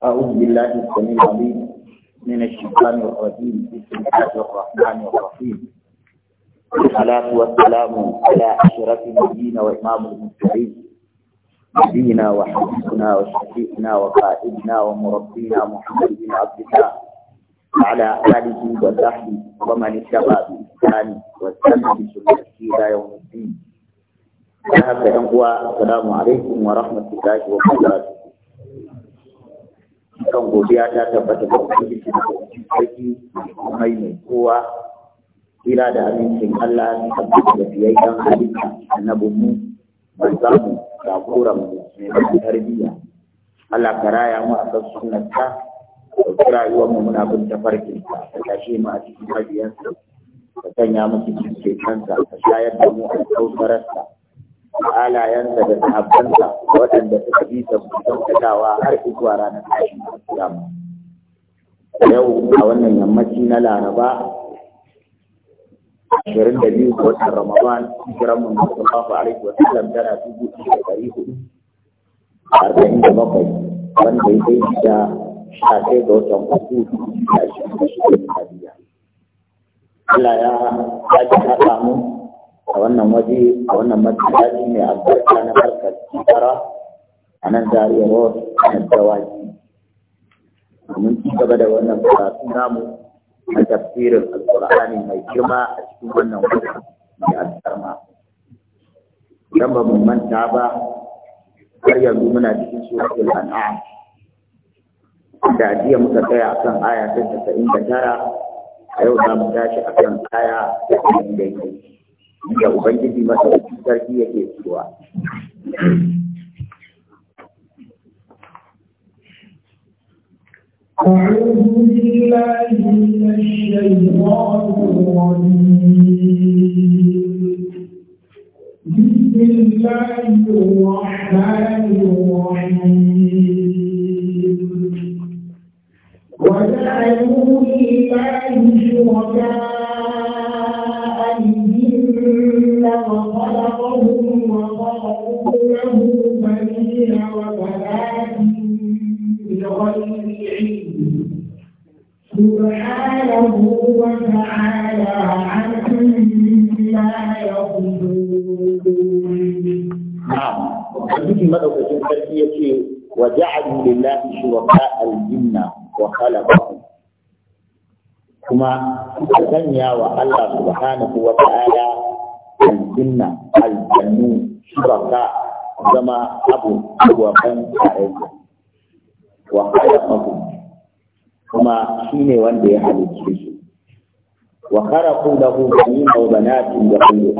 أعوذ بالله السميع العليم من الشيطان الرجيم بسم الله الرحمن الرحيم والصلاة والسلام على أشرف النبيين وإمام المرسلين نبينا وحبيبنا وشفيعنا وقائدنا ومربينا محمد بن عبد الله وعلى آله وصحبه ومن اتبع بإحسان واستنى بسنته إلى يوم الدين. أهلا وسهلا السلام عليكم ورحمة الله وبركاته. kan godiya ta tabbata ga ubangiji da ubangiji sarki mai mai kowa kira da amincin Allah ta tabbata da fiyayyen halitta na mu manzamu da koran mu mai tarbiyya Allah ka raya mu a kan sunnarka da rayuwar mu muna bin tafarkin Ta ta tashi mu a cikin mabiyansa ta sanya mu cikin cetonsa ka shayar da mu a kautararsa da halayensa da sahabbansa waɗanda suka bi ta har zuwa ranar tashin kiyama yau a wannan yammaci na laraba 22 da biyu ga watan ramadan hijiran mun sallallahu alaihi wa sallam tana dubu da ɗari hudu arba'in da bakwai wanda ya kai da sha ɗaya ga watan uku da da da Allah ya ya ji haɗa mu a wannan waje a wannan ne mai albarka na harkar tsara a nan zariya road na dawaki domin ci gaba da wannan karatu namu na tafsirin alkur'ani mai girma a cikin wannan wata mai alkarma idan ba mu manta ba har yanzu muna cikin suratul an'am da jiya muka tsaya akan aya ta tara, a yau za mu tashi a akan aya ta 91 da Ubangiji masa sarki yake cewa. وجعلوا لله شركاء سبحانه وتعالى عما يقولون ce وكذلك مدوكة التربية لله شركاء الجن وخلقهم kuma suka sanya wa Allah subhanahu wa ta'ala aljanna aljannu shuraka zama abu abubuwan wa kuma shi ne wanda ya halicce shi wa kharaqu lahu banina wa banatin wa kullu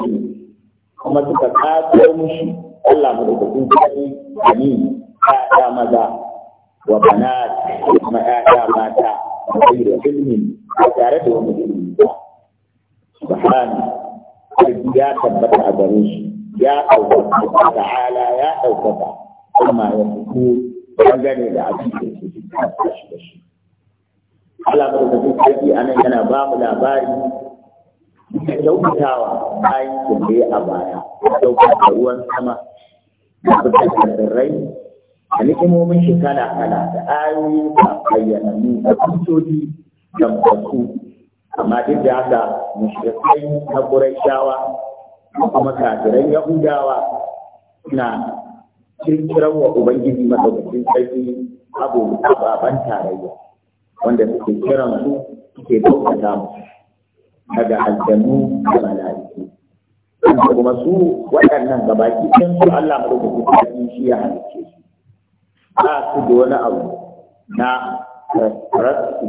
kuma suka kafa mushi Allah mu da kun kai ani da maza wa banat kuma ya mata da ilmin tare da wani ilmi subhan ya tabbata a gare shi ya ɗaukaka ta'ala ya ɗaukaka kuma ya fito dangane da abin da yake cikin shi Allah da sarki a nan yana ba mu labari kyautatawa bayan kulle a baya kyautata ruwan sama da fitar da tsirrai. A nikimomin shi kala kala da ayoyin da bayyanannu da kusoji tabbatu amma duk da haka mushrikai na Qurayshawa kuma kafiran Yahudawa na kirkirar wa Ubangiji madaukakin sarki abu baban tarayya wanda suke kiran su suke bauta mu daga aljannu da mala'iku kuma su waɗannan gabaki ɗin su Allah madaukakin sarki shi ya halicce su ba su da wani abu na rasu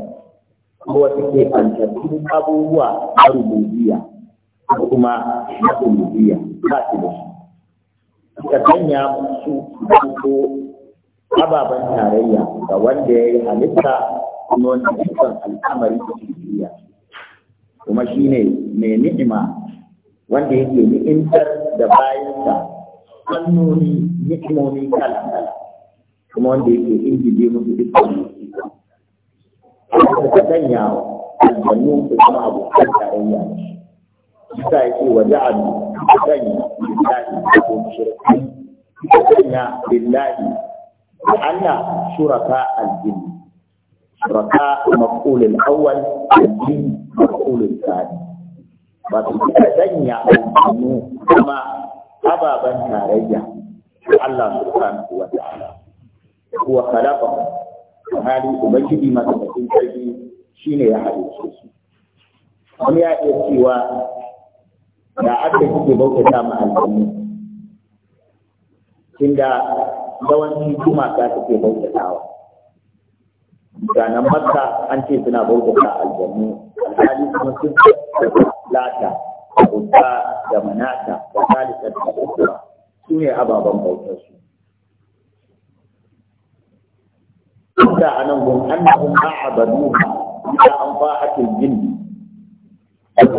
ko wata ke kantattun abubuwa na rububiya kuma na rububiya ba su da shi ka sanya su ko ababen tarayya ga wanda ya yi halitta kuma wannan dukkan al'amari da shiriya kuma shi ne mai ni'ima wanda yake ni'imtar da bayansa fannoni ni'imomi kala kala kuma wanda yake injije musu dukkan suka sanya aljannu su zama abokan tarayya bisa ya ce wa ja'alu suka sanya lillahi ko shirkai suka sanya lillahi Allah shuraka aljinni ركاء مفعول الأول الدين مفعول الثاني wato suka sanya alfanu kuma ababen tarayya Allah subhanahu wa ta'ala huwa khalaqa hali ubangiji madaukakin sarki shine ya halice su wani ya cewa da aka kike bautata ma alfanu tunda yawanci kuma ka suke bautatawa ganan makka an ce suna bautuka aljannu alhali kuma sun lata da manata da talisa da ukura su ne ababen bautar su da anan gun annahum a'abadu ila an ba su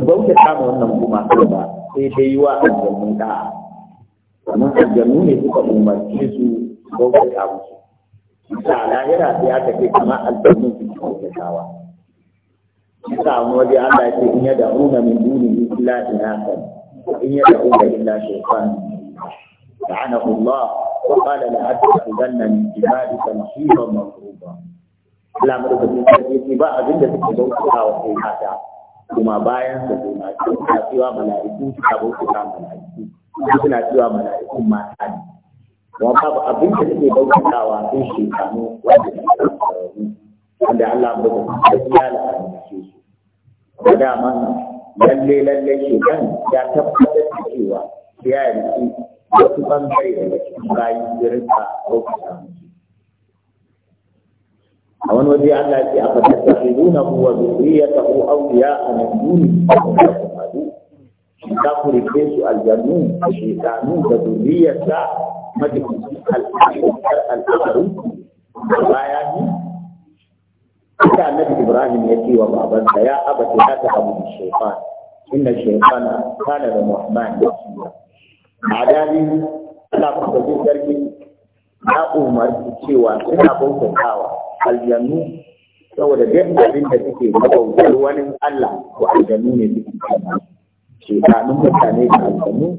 bauta ta wannan kuma ba sai dai yi wa aljannu da'a domin aljannu ne suka umarce su bauta ta musu da lahira sai aka ce kamar aljannu su ne ke kyautawa Isa wani waje an da ce in ya da'una min duni illa inasan in ya da'una illa shaytan la'anahu Allah wa qala la attakhidanna ba ibadika nasiban mafruḍa Allah madaukakin sarki ce ba abin da suke bautawa wa kai hada kuma bayan su kuma suna cewa mala'iku suka bauta mala'iku suna cewa mala'iku mata ne wa babu abin da suke bautawa sun shekaru wanda suke wanda Allah ba da ya la'anci su da daman lalle lalle shi shekan ya tabbatar da cewa ya yi wasu bangare daga cikin bayi jirka ko kusanci a wani waje Allah ya ce a fatakka su nuna kuwa zuriyatahu awliya a nan duni da ku rike su aljannu da shekanu da zuriyarsa majikin al'amarin baya ne da annabi ibrahim ya ce wa babansa ya abata ya ta abu da shaifan inda shaifana kana da muhammad da kiwa a dani ana kusurin sarki ya umarci cewa suna bautatawa aljannu saboda duk abin da suke mabautar wani allah ko aljannu ne suke kama shekanun mutane da aljannu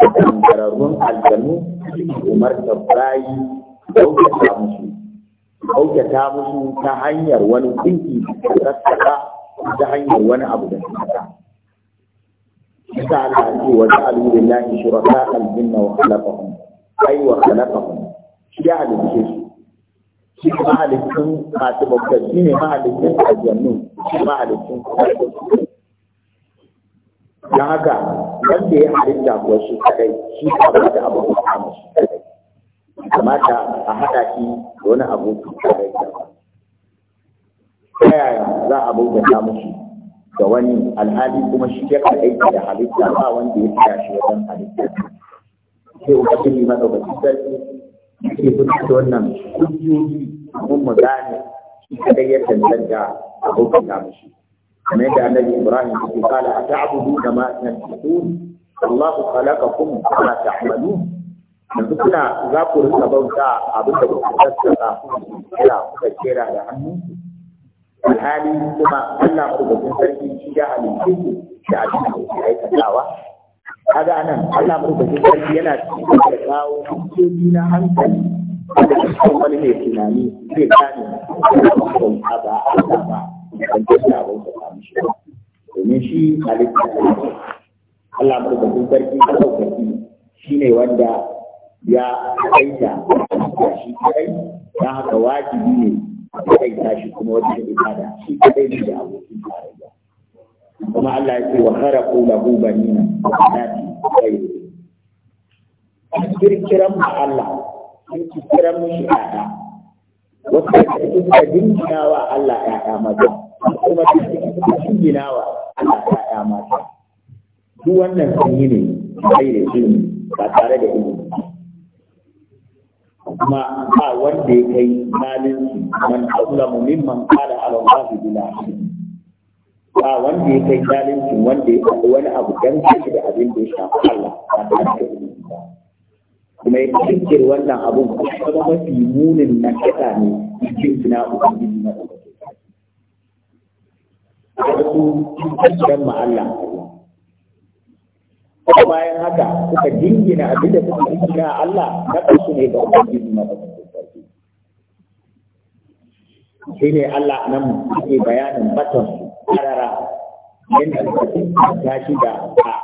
kankararrun aljanu umarta bayi ɗaukata musu ɗaukata musu ta hanyar wani kunki da sassaka ta hanyar wani abu da sassaka Isa Allah ce wa ja'alu lillahi shuraka al-jinna wa khalaqahum ai wa khalaqahum shi ya halicce su shi mahalicin masu bauta shi ne mahalicin aljannu shi mahalicin kuma don haka wanda ya halitta kuwa shi kadai shi ba da abu da shi kadai kamata a haɗa shi da wani abokin kadai da ta yaya za a ta mushi da wani alhali kuma shi ya kadai da halitta ba wanda ya tsaya shi wajen halitta sai ubangiji madaukakin sarki ke fitar da wannan ji mun mu gane shi kadai ya tantanta abokin da kamar yadda annabi Ibrahim ce kala a ta'budu da ma tanfiqun Allah khalaqakum kama ta'malun yanzu kuna za ku rinka bauta abin da kuka tattara kuka kuka kera da hannu? ku hali kuma Allah madaukakin sarki shi ya halitta ku da abin da aikatawa kaga anan Allah madaukakin sarki yana cikin da kawo na hankali da cikin wani ne tunani zai kane ba kuma ba a ba da ba samu shi domin shi halitta ne Allah sarki shi ne wanda ya kaita shi kai ta haka wajibi ne a kaita shi kuma wata ibada shi kadai ne da abokin tarayya kuma Allah ya ce wa kharaqu lahu banina kirkiran Allah sun kirkiran wasu da suka wa Allah kuma ta cikin ginawa ana ta'ya mata duk wannan sun yi ne bai da ilimi ba tare da ilimi kuma ba wanda ya kai zalunci man azlamu mimman qala ala allahi bila ilmi ba wanda ya kai zalunci wanda ya kai wani abu dan kashi da abin da ya shafi Allah ba tare da ilimi ba kuma ya kirkir wannan abun kuma mafi munin na kiɗa ne cikin suna ubangiji na ubangiji a wasu cikin ma Allah kuma bayan haka suka dingina abin da suka dingina Allah na ƙarshe ne ga ubangiji na sarki shi ne Allah nan suke bayanin batan karara yadda suka ta shi da a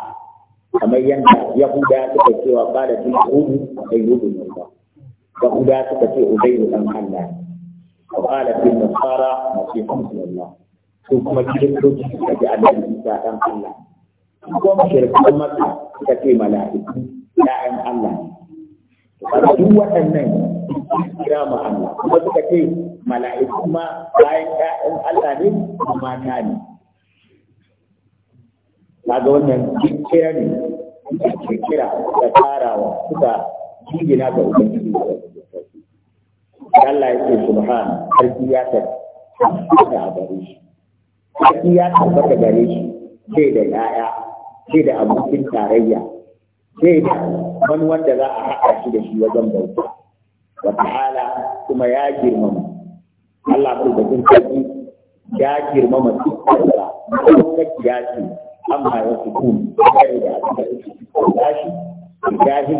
kamar yadda yahuda suka cewa ba da tun hudu sai hudu ne ba yahuda suka ce ubangiji dan Allah وقالت النصارى مسيح ابن الله ko kuma kiristoci suka ji annabi Isa dan Allah ko mushrikan Makka suka ce mala'iku ya'yan Allah ne duk waɗannan kira ma Allah kuma suka ce mala'iku ma bayan ya'yan Allah ne mata ne kaga wannan kira ne kira da tarawa suka jingina ga ubangiji Allah ya ce subhana sarki ya tabbata a abarishi shi haƙi ya da gare shi sai da yaya sai da abokin tarayya sai da wani wanda za a haɗa shi da shi wajen bauta wata hala kuma ya girmama Allah ku da kun kaji ya girmama dukkan da ka ya ce amma ya fi kun sai da aka da shi ya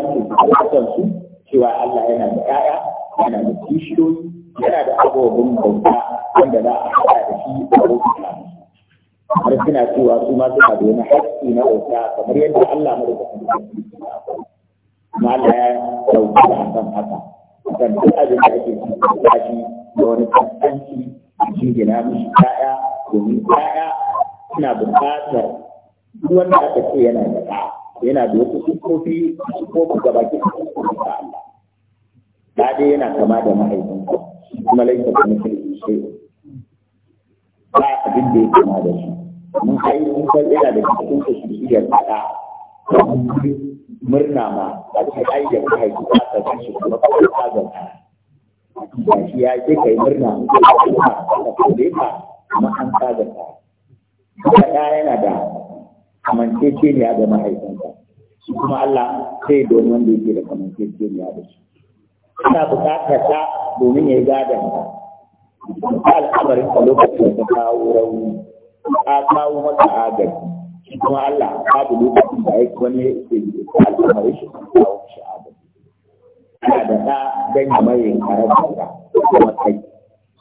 su da su cewa Allah yana da yaya yana da kishiyoyi yana da abubuwan bauta wanda za a haɗa da shi abokin har suna cewa su ma suna da wani haƙƙi na bauta kamar yadda Allah mai da kuma ma Allah ya dauki da akan haka akan duk abin da ake cikin kashi da wani kaskanci cikin gina mishi ƴaƴa domin ɗaya suna buƙatar duk wanda aka ce yana da ɗa yana da wasu sukofi sukofi gaba ki sukofi da Allah. Ɗa dai yana kama da mahaifinsa kuma laifin kuma kai shi ba abin da ya kama da shi mun kai mun kai yana da cikin su shi ya faɗa murna ma a ce ai da ka haifi ba ka san shi kuma ka ka ga ba shi ya ce kai murna ka ka kore ka kuma an ka ga ka kuma da yana da kamanceceniya ga mahaifinsa shi kuma Allah sai domin wanda yake da kamanceceniya da shi ina buƙatar ta domin ya yi gadon ka al'amarin ka lokacin da kawo rauni ka kawo maka agaji kuma Allah babu lokacin da yake wani yake al'amarin shi ka kawo shi agaji ana da ɗa dan ya mai karar da kuma kai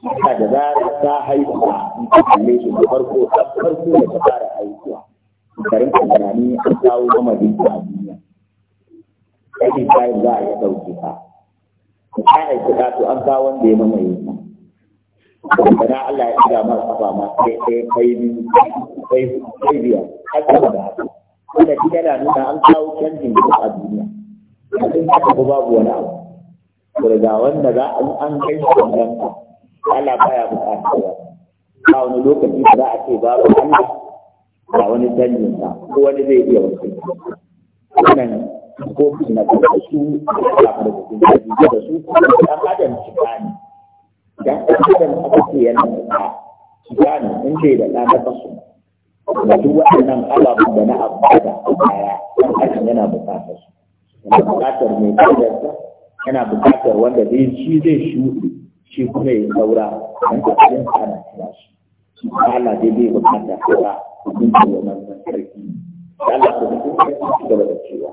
ina da zarar ta haihuwa in ka kalle shi da farko a farko da ta fara haihuwa karin tunani an kawo mamadin a duniya kai kayan za a yi ɗauke ta. ka aiki ka to an kawo wanda ya mamaye Kana Allah ya ɗiga masu kafa ma sai kai biyu kai biya har sama da haka. Wanda shi yana nuna an kawo canjin da a duniya. Abin haka ko babu wani abu. Kuma ga wanda za a an kai shi wannan Allah ya buƙatar ba. Ba wani lokaci da za a ce babu Allah ba wani canjin ba ko wani zai iya wasu. Wannan ko na kuma su a kafin da su da su ɗan adam shi ne. dan adam aka ce yana da gani in ce da ɗa na kasu da duk waɗannan ababen da na abu da baya dan adam yana buƙatar su yana buƙatar mai kadarsa yana buƙatar wanda zai shi zai shuɗe shi kuma ya saura dan da cikin ana kira shi shi Allah dai bai buƙatar saura cikin wannan sarki Allah ku kuma ya ci gaba da cewa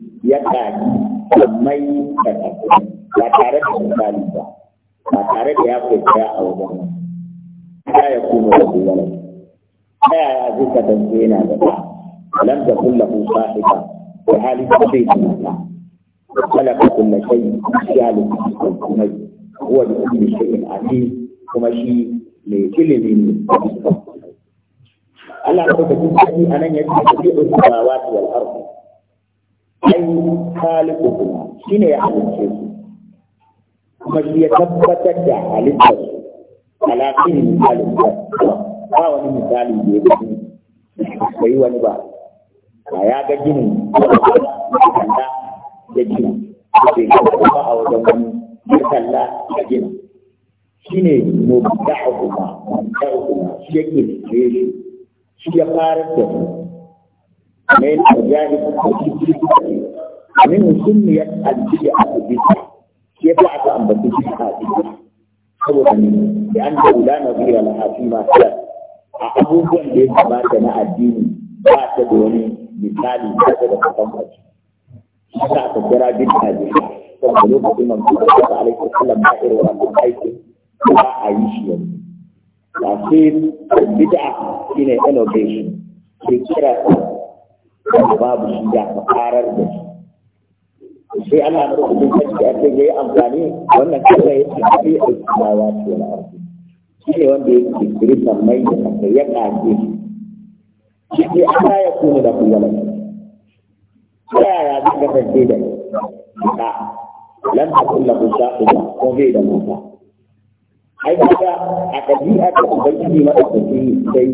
ya ɗaki sammai da ƙasai ba tare da misali ba ba tare da ya kwanciya a wajen ta ya kuma da duwala ta yaya zai kasance yana da ba lam ta kulla ku sahiba ko hali ta bai da mata khalaqa kulla shay jalu kuma huwa bi kulli shay'in alim kuma shi mai ilimi ne Allah ta kace a nan yake da bi'u samawati wal ardh ai khaliqu shi ne ya halice su kuma shi ya tabbatar da halittar su alaƙin halitta. ba wani misali da ya gani yi wani ba ba ya ga ginin kalla da gina bai ga ba a wajen wani ya kalla da gina shi ne mubda hukuma mubda hukuma shi yake shi shi ya fara da su من الجاهل منه سميت البدعة بدعة كيف يعرف أن بدعة بدعة saboda ne da an da wula na zira lahafi masu a abubuwan da ya kamata na addini ba ta da misali ba ta da kasan kwaci ta aka kira bin hajji saboda lokacin man kuma ta ta alaikar sallam ba irin wannan aiki ba a yi shi yanzu tafsir bid'a shine innovation ke kira wanda babu shi da karar da shi sai Allah na rubuta sarki a cikin yayi amfani wannan kasa ya ce sai a tsawa ce na arziki shi ne wanda ya ke kirkan mai da kasa ya kaje shi ne Allah ya kuma da kuwala ta yaya zai kasance da ka lan ku lahu ku ko bai da mota ai kaga a ɗabi'a ma da madaukaki sai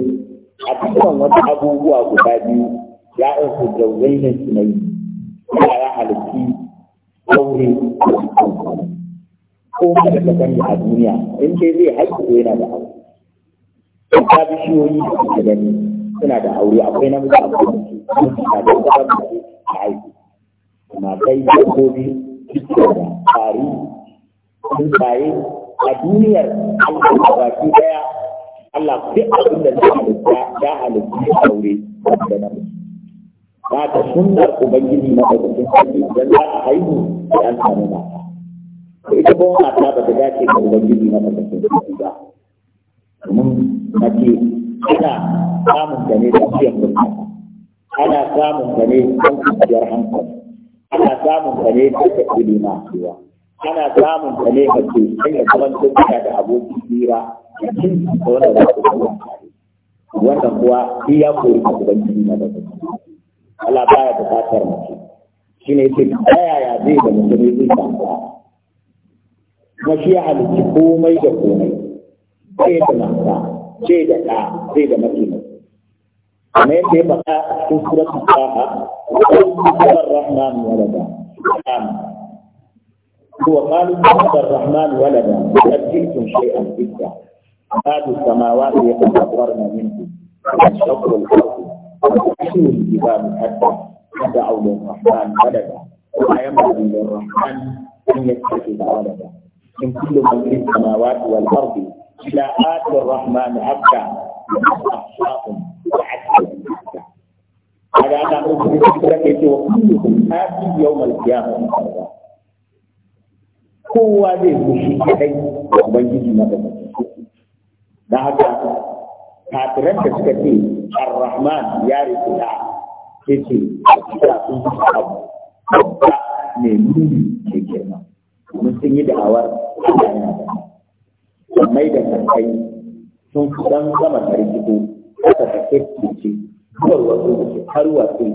a cikin wata abubuwa guda biyu ya ɗauka gauzai da sunayi ya ya halitti aure ko ma da kasan a duniya in dai zai haihu ko yana da aure ta bishiyoyi da suke gani suna da aure akwai namiji a kwanci suna da da mace a haihu matai dabbobi da tari tsuntsaye a duniyar Allah baki daya Allah duk abin da zai halitta ya halitta aure da namiji ba ta sunnar ubangiji na ɗaukacin sarki idan za ta haihu sai an samu mata to ita ba mata ba ta dace da ubangiji na ɗaukacin sarki ba domin mace ana samun ta ne da biyan mutane ana samun ta ne don kuciyar hankali ana samun ta ne da ta na masuwa ana samun ta ne ga sai da zama tuka da abokin tsira da cin da wanda za ku zama tare wannan kuwa iya koyi da ubangiji na ɗaukacin sarki Allah baya bukatar mace shi ne ce ta yaya zai da mutum ya zai samuwa kuma shi ya halitta komai da komai sai da mata sai da ɗa sai da mace kamar yadda ya faɗa a cikin suratul taha wa rahman walada وقالوا اتخذ الرحمن ولدا قد جئتم شيئا إدا هذه السماوات يتفطرن منه وتنشق asyur di a hadda pada Allah Rahman pada dah. Ayam dari Allah Rahman ingat kasih kepada dah. Yang kudu mengirim samawat wal ardi ila atur Rahman abka asyakum wa'adkum. Ada anak rujuk kita itu kudu hati yawm al-qiyamah. Kuwa di musyikai wabajidina dan musyikai. Dah agak kafiran da suka ce ar-rahman ya rikuta ya ce a sun fi abu babba mai nuni ke girma domin sun yi da'awar Allah yana da mai da sarkai sun fi dan sama ta aka kasa ta kirkice zuwar wasu da ke har wasu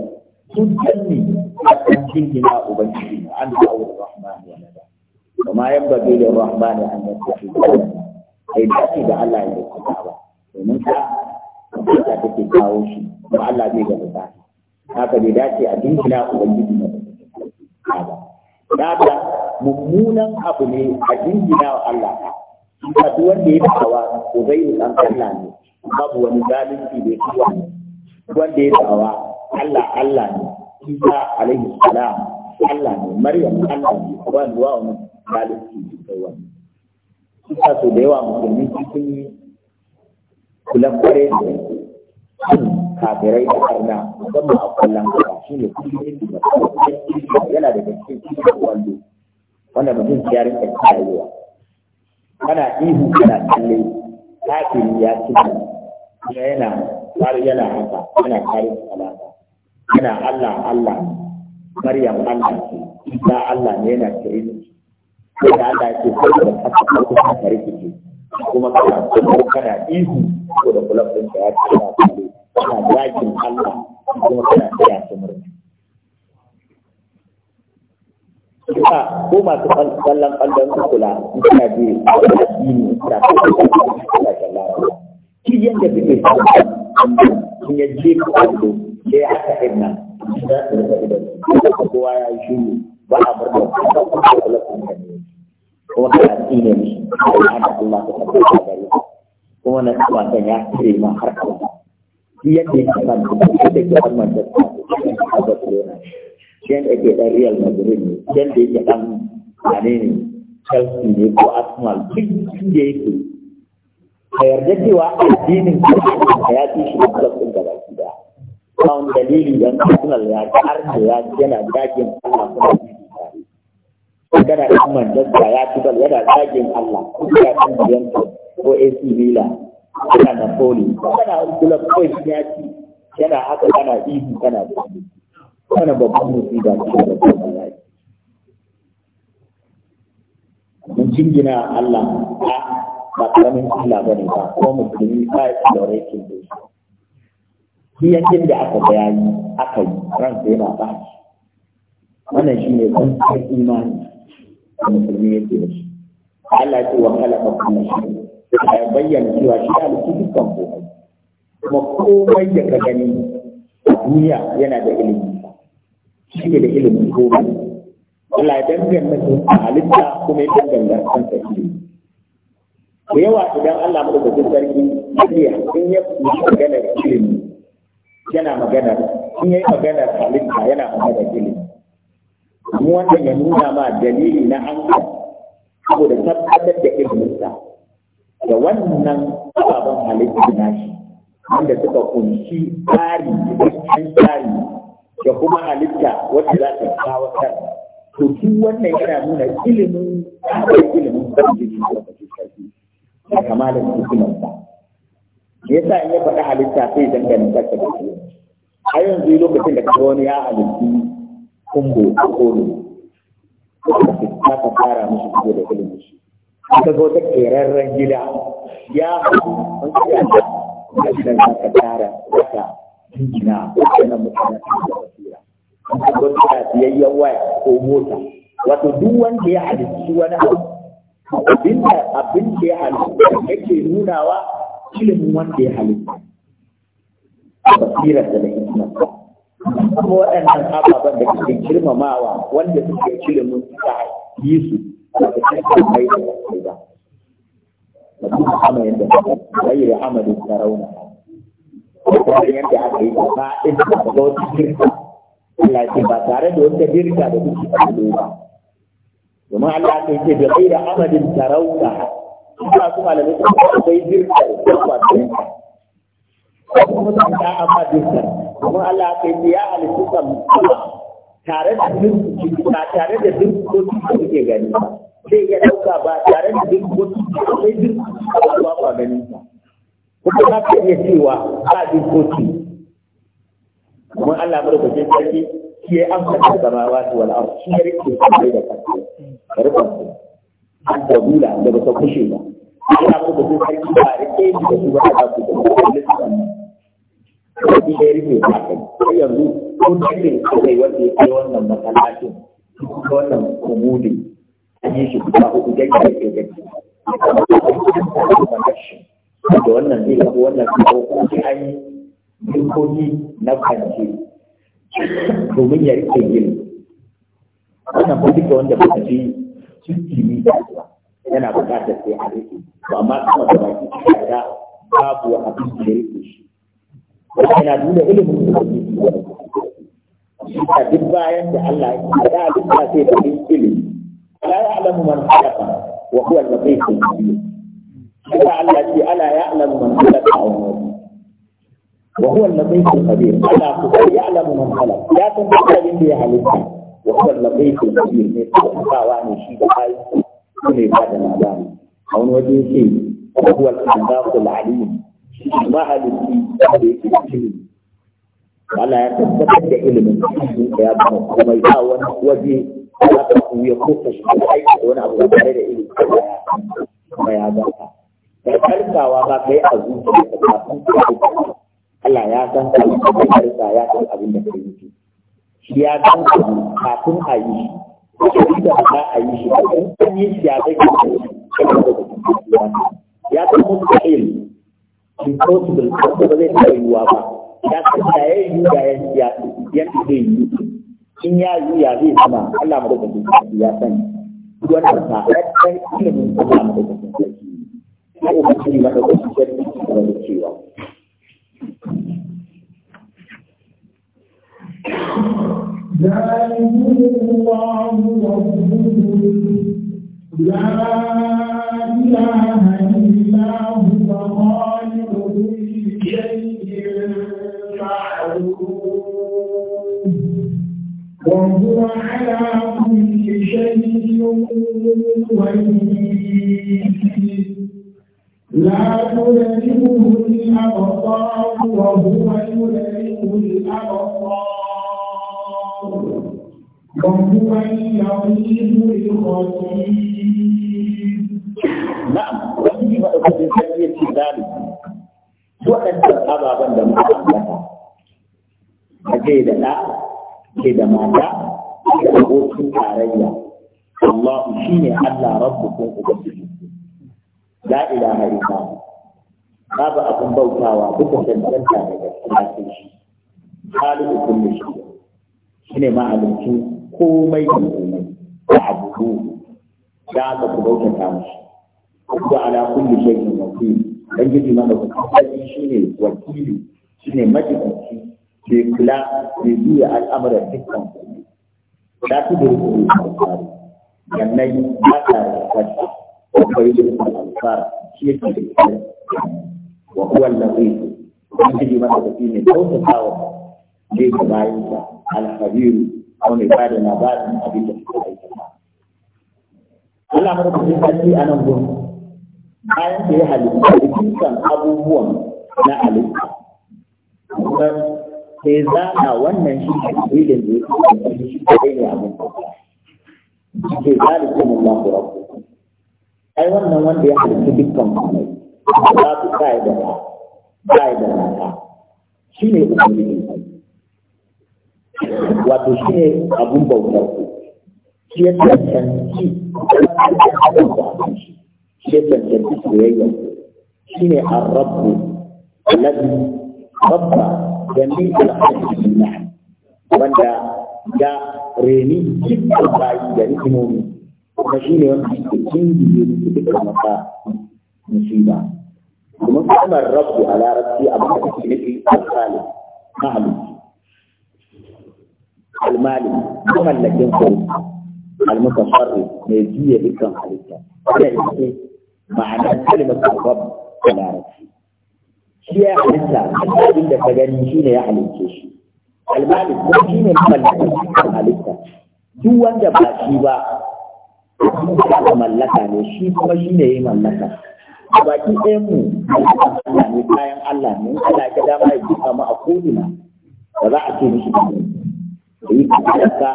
sun canni a kan jingina ubangiji na an da awar rahman wa nada kuma yan babilin rahman an yanzu shi da Allah ya rikuta ba domin ka ta take kawo shi kuma Allah zai ga ta haka bai dace a dinkina ubangiji na ba ta mummunan abu ne a dinkina na Allah ka duk wanda ya dawa ko zai yi dan Allah ne babu wani zalunci da yake wa wanda ya dawa Allah Allah ne Isa alaihi salam Allah ne Maryam Allah ne wani duwa wani zalunci da kai wani Isa so da yawa musulmi sun yi kulan kware da sun kafirai da karna musamman a kwallon kafa shi ne kullum yake da yana da cikin cikin kwallo wanda mutum ya rinka kiyayewa kana ihu kana kalle kafiri ya ci kuma yana kare yana haka yana kare salata yana Allah Allah Maryam Allah ce Isa Allah ne yana kire ne da Allah ya ce ko da haka ko ka rike kuma kana kuma kana ihu saboda kulab din da ya tsaya kallo kana zakin Allah kuma kana tsaya su Kuma ko masu kallon kallon kula in kana bi da dini da kuma da lara shi yanda suke in ya je ka kallo sai haka din nan da kowa ya yi shiru ba a murna kuma kulab din ka ne ko ta tsine mishi Allah ta tabbata gare ka kuma na ta ya tsire ma har abada yadda ya da real madrid ne dan ne chelsea ne ko arsenal duk inda yake a yarda cewa addinin kirista ya fi shi da club din gaba ki daya kawai dalili dan arsenal ya ci ya yana dajin Allah magana ɗan manjanta ya fi bal yana zagin Allah ya ɗan biyanta ko AC Milan yana foli? yana Ursula kawai shi ya ci yana haka kana ihu kana bambu kana babban da shi da babban bala'i mun jingina Allah a ba karamin Allah ba ne ba ko musulmi ba ya tsore ke da shi yakin da aka bayani aka yi ran sai na ba wannan shi ne kun imani a musulmi yake da shi Allah ya ce wa khalaqa kulla shay ya bayyana cewa shi da dukkan komai kuma komai da ka gani a duniya yana da ilimi shi ne da ilimin komai Allah ya danganta su a halitta kuma ya danganta kansa ilimi da yawa idan Allah madaukakin sarki shirya in ya yi maganar ilimi yana maganar in ya yi maganar halitta yana maganar ilimi mu wannan ya nuna ma dalili na anka saboda tabbatar da ilminsa da wannan ababen halittu shi, wanda suka kunshi tsari cikin tsari da kuma halitta wacce za ta kawatar to shi wannan yana nuna ilimin tsarin ilimin ubangiji da kake sarki da kamalin hikimarsa me yasa in ya faɗi halitta sai dangane kansa da shi a yanzu lokacin da kaga wani ya halitti kumbo a kone ta ka fara musu kuma da ilimin shi ta zo ta kerarren gida ya haɗu wani gida da gidan za ka tara wata jingina wannan mutane ta da basira ta zo ta lafiyayyen waya ko mota wato duk wanda ya halittu wani abu abinda abin da ya halittu yake nunawa ilimin wanda ya halittu basirar da da hikimar kuma waɗannan ababen da suke girmamawa wanda suke cire mun suka yi su da cikin kai da kai ba da kuma kama yadda bai da amalin na rauna kuma yadda aka yi da ba in da ga wata girka Allah ce ba tare da wata girka da ba kallo ba domin Allah ta ce da kai da amalin na rauna kuma da mutum sun kai girka da kuma mutum da an ba kuma Allah ka yi ya halittu kan tare da duk ba tare da duk ko da kuke gani ba sai ya dauka ba tare da duk ko sai duk ba ba gani ba kuma za ka iya cewa ba duk ko kuma Allah barkace sarki shi ya amfani da samawa wal ardh shi ya rike shi da kansa barkan an da bula da ba ta kushe ba Allah barkace sarki ba rike shi da su ba da ku da wani da ya rufe ba kai yanzu kun rufe kai wanda ya wannan masalacin wannan kumudi an yi shi guda uku don ya rufe gaji da wannan zai kafa wannan kawo kuma sai an yi na kwance domin ya rufe gini wannan ba duka wanda ba ji sun kimi yana buƙatar sai a rufe amma kuma da baki da babu abin da ya rufe shi yana nuna ilimin da suke duk bayan da Allah ya ce da abin da sai da ilimi la ya'lamu man khalaqa wa huwa al-latif al-khabir kuma Allah ce ala ya'lamu man khalaqa wa huwa al-latif al-khabir ala ku ya'lamu man khalaqa ya san duk abin da ya halitta wa huwa al-latif al-khabir ne kawa ne shi da kai ne ba da labari a wani waje yake wa huwa al-latif al-alim mahalicci da yake cikin Allah ya tabbatar da ilimin cikin da ya bada kuma ya wani waje ya kafu ya kofa shi da aiki da wani abu ba tare da ilimin kuma ya baka da karkawa ba kai a zuciya da kafin ka Allah ya san abin da ka karka ya san abin da ka yi shi ya san abu kafin a yi shi da ba a yi shi kafin an yi shi ya zai kafin ya san mutu ilimi impossible ko ba zai taɓa yiwuwa ba ya san ya yi yiwu ya yanzu zai yi in ya yi ya zai zama Allah mu daga sarki ya sani wannan ba ɗan ilimin Allah mu daga sarki ya ubangiji mata ko shi sarki da cewa ذلك الله ربكم لا إله إلا هو خالق كل شيء معلوم وهو على كل شيء وكيل لا تدركه الأبصار وهو يدرك الأبصار وهو اللطيف الخبير نعم وفي بعض الجزئية ذلك وأنت أبا بند محمد أجيد لا أجيد ما جاء أقول تاريا الله شيني ألا ربكم أبسكم لا إله إلا هو babu abin bautawa duka danganta da gaskiya shi hali da kullu shi shine ma'alincin komai da komai da abu da aka ku bautata musu ko ala kulli shay'in wakil dan gidi ma da kuma shine wakili shine majibanci ke kula ke biya al'amuran dukkan komai da su da rubutu da tsari yannai ba ta rikata ko kai da alfar shi yake da kai wa huwa al-latif dan gidi ma da kuma ne bautatawa ne ga bayansa al-khabir ko mai bada labarin abin da suka aikata Allah madaukakin sarki a nan gurin bayan da ya halitta da dukkan abubuwan na halitta kuma sai a wannan shi ne dalilin da ya kasance shi kadai ne za da ke zalikin Allah rabbu ai wannan wanda ya halitta dukkan komai babu kai da ba yi da mata shi ne ubangiji wato shi ne abun bautar ku shi ya cancanci shi ya cancanci soyayyar shi ne an rabu alabi babba da min al'adun na wanda ya reni cikin bayi da rikimomi kuma shi ne wanda ke kingiye su duka masa musiba kuma kalmar rabu a larabci abin da ke nufi alƙalin ma'alumi المالك كما لكن المتصرف مجيء لكم حالك كيف معنى كلمة الرب على رأسي شيء حالك حتى عند فجانيشين يا حالك شيء المالك مجيء الملك كم حالك دو عند باشيبا ملكا نشي فمشين اي ملكا باقي امو ملكا نتايا الله نتايا كدام اي جيكا ما اقولنا وضعتي نشي da yi ka talaka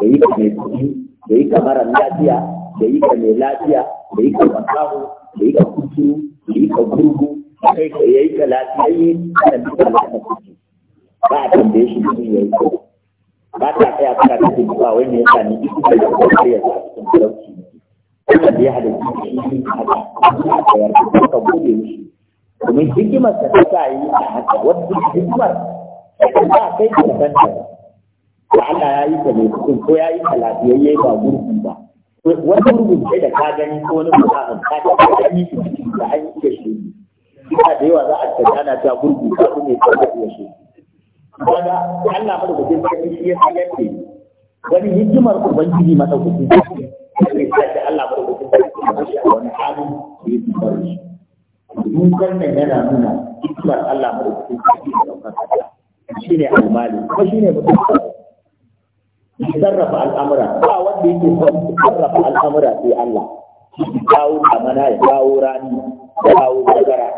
da yi ka mai kuɗi da yi ka mara lafiya da yi ka mai lafiya da yi ka fasahu da yi ka kuturu da yi ka gurgu kai ka yi ka lafiya, lafiyayye da duka lafiya kuɗi ba a tambaye shi mutum ya yi kuɗi ba ta tsaya tana da cikin ba wani ya sani duk da ya kwaye ya sa cikin talauci wanda da ya hada shi shi a ka yarda ko ka gode mishi domin hikimar ta ta yi a haka wata hikimar ta kai ta kanta ko Allah ya yi ta mai ko ya yi ta ba gurbi ba wani gurgu sai da ka gani ko wani mutum ka ta ka yi da an yi da shi ina da yawa za a ta ana ta gurbi ka su ne ta da shi kaga Allah da madaukakin sarki shi ya san yadda wani hikimar ubangiji madaukakin ku ne sai Allah da madaukakin sarki ya bashi a wani hali da ya tsara shi dukkan nan yana nuna hikimar Allah da madaukakin ya da ɗaukar shi ne almali kuma shi ne mutum sarrafa al'amura ba wanda yake son sarrafa al'amura sai Allah shi kawo amana ya kawo rani ya kawo gagara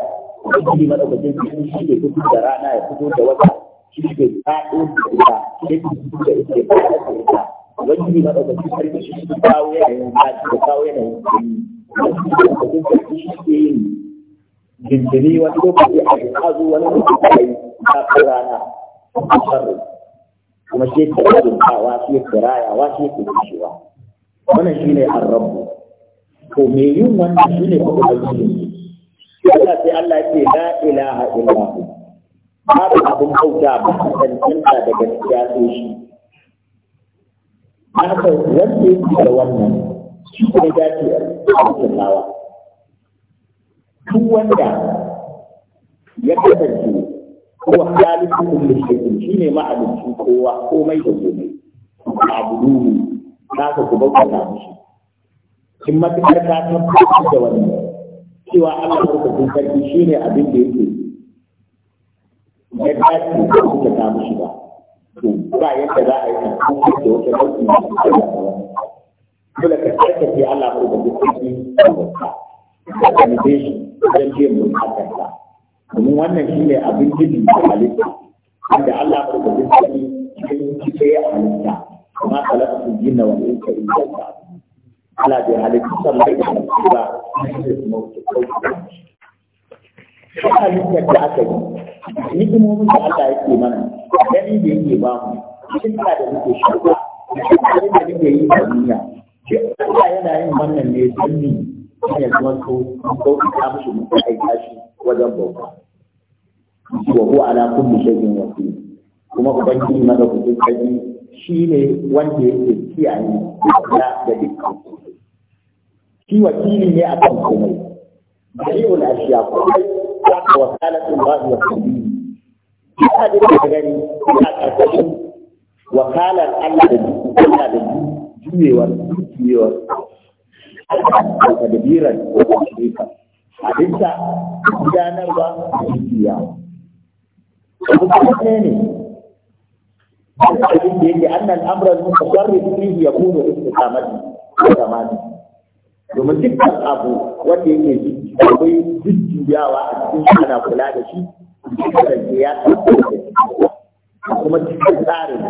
shi madaukakin shi shi ke fito da rana ya fito da wata shi ke kaɗo da ita shi ke fito da ita ya da ita wani jin sarki shi ke kawo yanayin zafi da kawo yanayin sanyi wani madaukakin sarki shi ke yin jinjiri wani lokaci a yanzu wani lokaci a yi ta rana a sharri kuma shi ke tuntawa shi ke rayawa shi ke kashewa wannan shi ne an rabu to me yin wannan shi ne kuma ne? Allah sai Allah ya ce la ilaha illa hu babu abin bauta ba a tantanta da gaskiya sai shi haka wanda yake da wannan shi ne dace a cikin lawa. duk wanda ya kasance huwa khaliqu kulli shay'in shine mahalicci kowa komai da komai abuduhu ka ku bauta mishi in matukar ta tabbatar da wannan cewa Allah madaukakin sarki shine abin da yake ya dace da kuka ta ba to ba yadda za a yi kuma da wata dauki da Allah dole ka tsarkake Allah madaukakin sarki da bauta ka da shi don biyan bukatarsa domin wannan shi ne abin jini da halitta wanda Allah ba shi ne cikin cike ya halitta kuma kalaka su ji na wani ka yi da Allah bai halitta sallai da shi ba shi ne kuma wuce kawai shi halittar da aka yi nikimomin da Allah ya yake mana gani da yake ba mu shi ne da muke shi ne da muke yi a duniya shi Allah yana yin wannan ne don ni ya zama ko bauta mishi mutum aika shi wajen bauta wa huwa ala kulli shay'in wakil kuma ubangiji madaukakin sarki shi ne wanda yake kiyaye da da dukkan shi wakili ne a akan komai bari'ul ashiya komai ta wakalatun ba'u wa sabili ita da ta gani ita karkashin wakalar Allah da Allah da juyewa juyewar juyewar tadbiran wa shirika abinta gudanarwa da dukiya abu kuma ne abin da yake annal amra al-mutasarrif fihi yakunu istiqamati wa tamami domin dukkan abu wanda yake akwai jujjuyawa a cikin ana kula da shi kasance ya kasance kuma cikin tsarin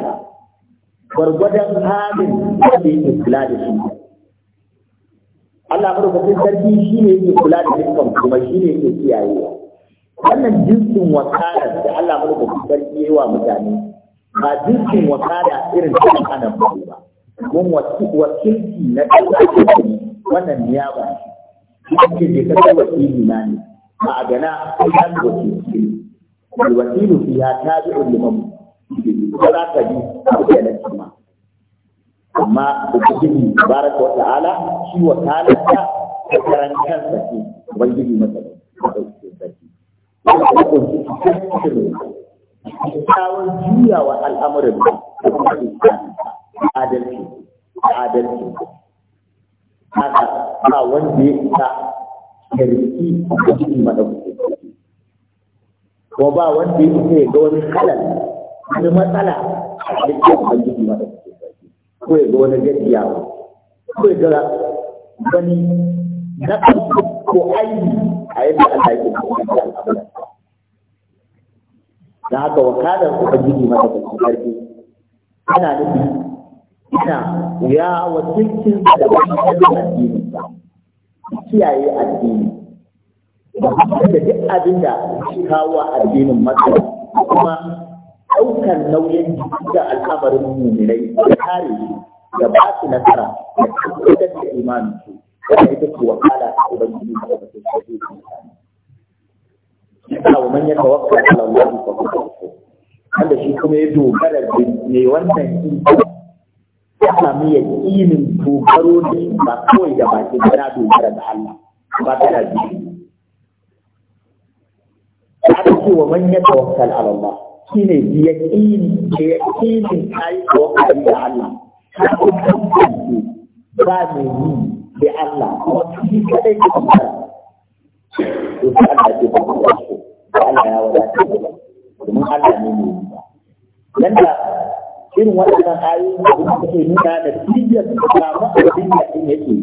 gwargwadon halin wanda yake kula da shi Allah madaukakin sarki shi ne yake kula da dukkan kuma shi ne yake kiyayewa wannan jinsin wakala da Allah madaukakin sarki ya mutane ba jinsin wakala irin ta kanan ba ba mun wakilci na ɗaukar wannan niyaba shi ake je ka kai wakili na ne ba a gana kan wakilci alwasilu fiya tabi'un liman ba za ka bi abu da nan amma ubangiji baraka wa ta'ala shi wakalarsa ta karan kansa ce ubangiji masa madaukakin da wanda ya kunshi cikakken kyawun juyawa al'amuran da kuma adalci adalci haka ba wanda ya isa ya a cikin madaukakin ko ba wanda ya isa ya ga wani halal wani matsala a cikin ubangiji ko ya ga wani gajiya ko ya ga wani na ko aini a yadda Allah yake da al'amuran da haka wakalar ubangiji mata da karfi ana nufi ina ya wakilcin da wani addini ba kiyaye addini da duk abin da kawo addinin matsala kuma ɗaukar nauyin da al'amarin mummunai da kare su da ba su nasara da tabbatar da imanin su wanda ita ce wakala ta ubangiji da ba su kaje su mutane. wa man ya tawakkal ala Allah fa huwa wanda shi kuma ya dogara da me wannan imani ya sami yaƙinin dogaro ne ba kawai da baki ba na dogara da Allah ba da biyu. Ta ce wa manyan ya tawakkal ala Allah shine yaqin da yaqinin kai ko da Allah ka tabbata ba ne yi da Allah kuma shi kadai ka tabbata to Allah ya tabbata Allah ya wadata domin Allah ne ne dan da irin waɗannan ayoyi da suke nuna da da yake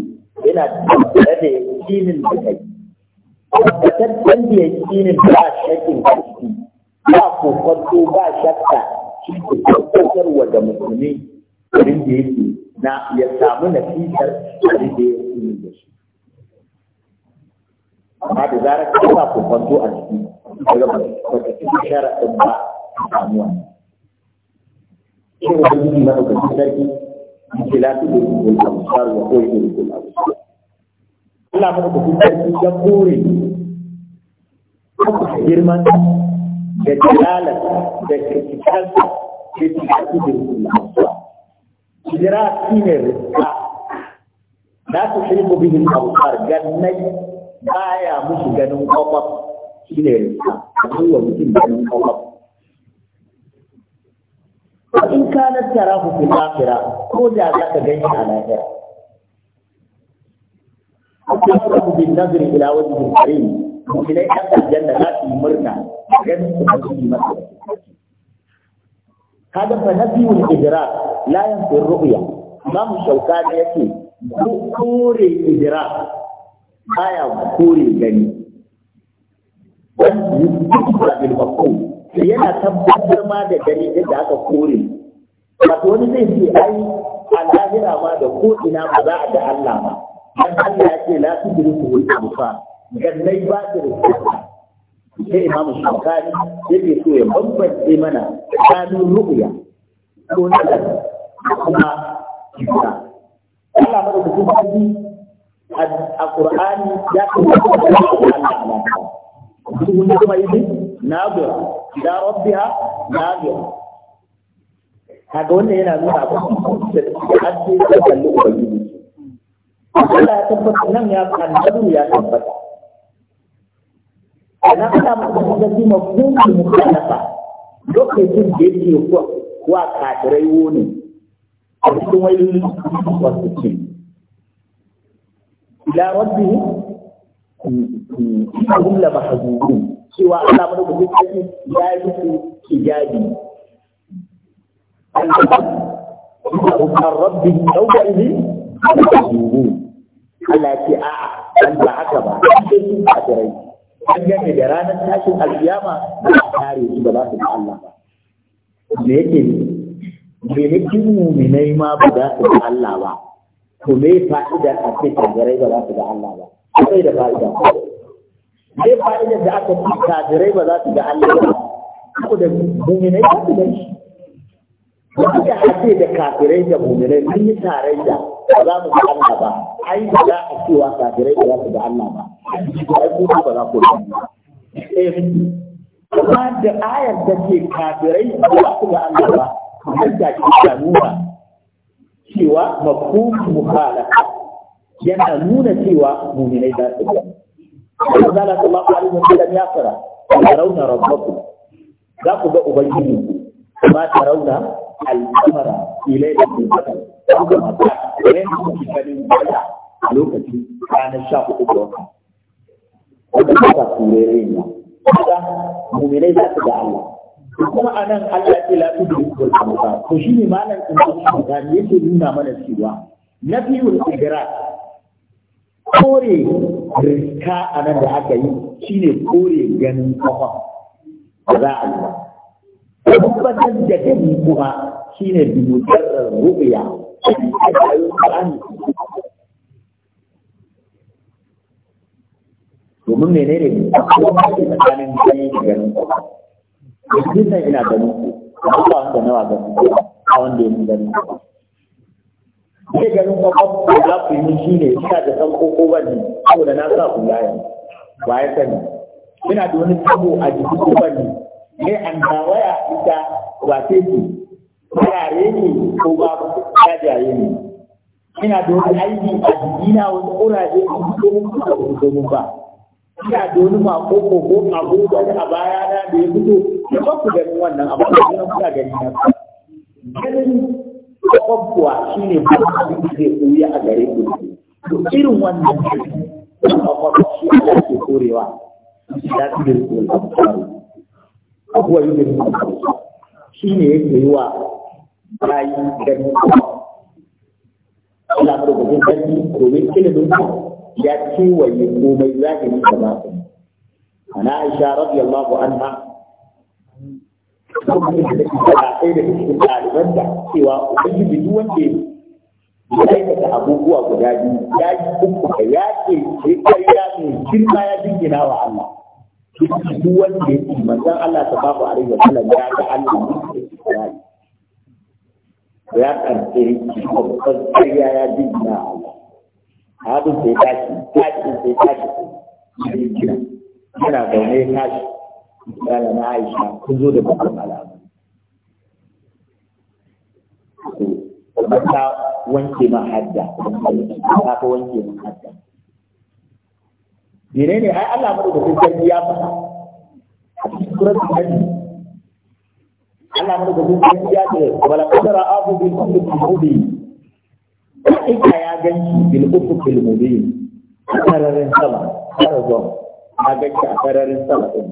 yana tattare da yaqinin da kai da yaqinin ba shakkin kai ba ko kwanto ba shakka shi ke da musulmi abin da yake na ya samu nasihar abin da ya yi da shi amma da zarar ka ba ko kwanto a ciki daga ba cikin sharaɗin ba samuwa shi wani jini maɗaukacin sarki ke lafi da rukun amsar wa koyi da rukun amsar Allah maɗaukacin sarki da kore kuma girman da jalalar da cikinsa da cikin jirgin hijira shi ne rizka na su shirku bihin abubuwar gannai baya musu ganin kwakwaf shi ne rizka a kowa mutum ganin kwakwaf in ka na tara hukun lafira ko da za ka gan shi a lahira أكثر بالنظر إلى وجه الكريم mu'minai ɗan aljanna za su yi murna ganin su masu yi masa kaga fa nabiyul idrak la yanfir ru'ya imam shaukani yace kore idrak baya kore gani wani da maqul yana tabbatar ma da gani da aka kore wato wani zai ce ai a lahira ma da ko ina ba za a ga Allah ba dan Allah ya ce la tudrikuhu al-absar gannai ba su da sai imamu shafani yake so ya bambance mana tsakanin ru'uya ko nazar kuma kisa Allah madaukakin sarki a Qur'ani ya kuma Allah Allah duk wani kuma yi nazira Da rabbiha nazira kaga wannan yana nuna ba da an da kallon ubangiji Allah ya tabbata nan ya da ya tabbata idan ana mutum da zima kuki mukalafa lokacin da yake wa a cikin wani wasu ce ila rabbi ina gumla mahazuru cewa ana mana da zai ya yi su an rabbi ne Allah ce a'a an ba haka ba sai An gane da ranar tashin alkiyama ba a kare su ba za su ga Allah ba me yake melekin muminai ma ba za su ga Allah ba to me fa'idar a ce tangarai ba za su ga Allah ba akwai da fa'ida me fa'idar da aka ce tangarai ba za su ga Allah ba ko da muminai ba su da shi da ake da kafirai da muminai sun yi tarayya ba za mu ga Allah ba ai ba za a cewa kafirai ba za su ga Allah ba ba da ayar da ke kafirai da su ga Allah ba kamar da ke ta nuna cewa mafhumin mukhalafa yana nuna cewa muminai za su ga Allah zala sallallahu alaihi wa sallam ya fara rauna rabbakum za ku ga ubangiji ku ba tarawna al-amara ilayhi bi-qadar kuma ba ku ga ganin lokacin ranar 14 da wata wanda ba ta turere ne kaga mu'minai za su ga Allah kuma a nan Allah ce la tudu wal amsa to shi ne malam ibnu Shukran yake nuna mana cewa Na nafiyul idrak kore riska a nan da aka yi shi ne kore ganin kafa da za a yi tabbatar da gani kuma shine bi mujarrar ru'ya a cikin domin menene tsakanin gani da ganin ku yanzu san ina ganin ku amma ba wanda nawa ganin ku ba wanda ya ganin ku ke ganin ku ko za ku yi shi ne ina da san koko ban ne da na sa ku yaya ba ya sani ina da wani sabo a jiki ku ban ne ne an tawaya ita wace ce yare ne ko ba ku jajaye ne ina da wani aiki a jikina wani kuraje ko mun ba ina da wani mako ko ko abu wani a baya na da ya fito ya ba ku ganin wannan abu da kuma kuna gani na ganin kwakwa shi ne ba abin da zai koya a gare ku to irin wannan ne da kwakwa shi Allah ke korewa da su da su da su abuwa yi da su shi ne yake yi wa bayi ganin kwakwa Allah ko gudun karfi domin ilimin kwakwa ya kewaye komai zahiri da batin ana aisha radiyallahu anha kuma da take da cikin ɗaliban da cewa ubangiji duk wanda ya aikata abubuwa guda biyu ya yi kuka ya ke sai ƙarya mai girma ya jingina wa Allah duk wanda ya ce manzon Allah ta babu a rage sallan ya ga Allah ya yi ya karɓe shi kuma ƙarya ya jingina Allah haɗin sai tashi tashi sai tashi sai kira yana zaune tashi misali na aisha kun zo da babban alamu kamar wanke ma hadda ta fa wanke ma hadda Dine ne ai Allah mu da sarki ya faɗa a cikin Allah mu da sarki ya ce wala qadara abu bil kulli ita ya ganci bil ufuq bil mubin sararin sama sarazon ya ganci a sararin sama din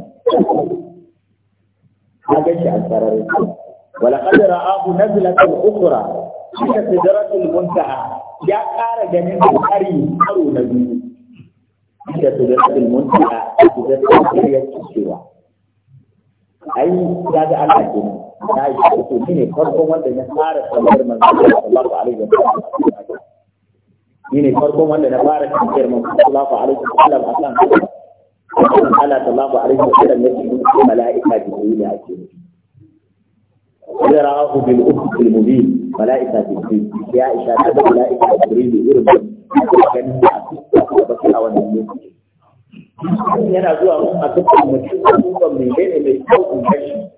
ya ganci a sararin sama wala qad ra'ahu nazlatan ukhra ita sidratul muntaha ya ƙara ganin kari karo na biyu ita sidratul muntaha sidratul ya cewa ai ya ga Allah kenan na yi ne farkon wanda ya fara sallar manzo sallallahu alaihi wa sallam ni ne farkon wanda na fara tafiyar mun sallallahu alaihi wasallam a Allah sallallahu alaihi wasallam ya ce mala'ika jibril ya ce يراه بالأفق المبين ملائكة جبريل يا إشارة ملائكة جبريل يرد كان بكي أو yana zuwa mun a dukkan mutum abubuwan mai gane mai kyau in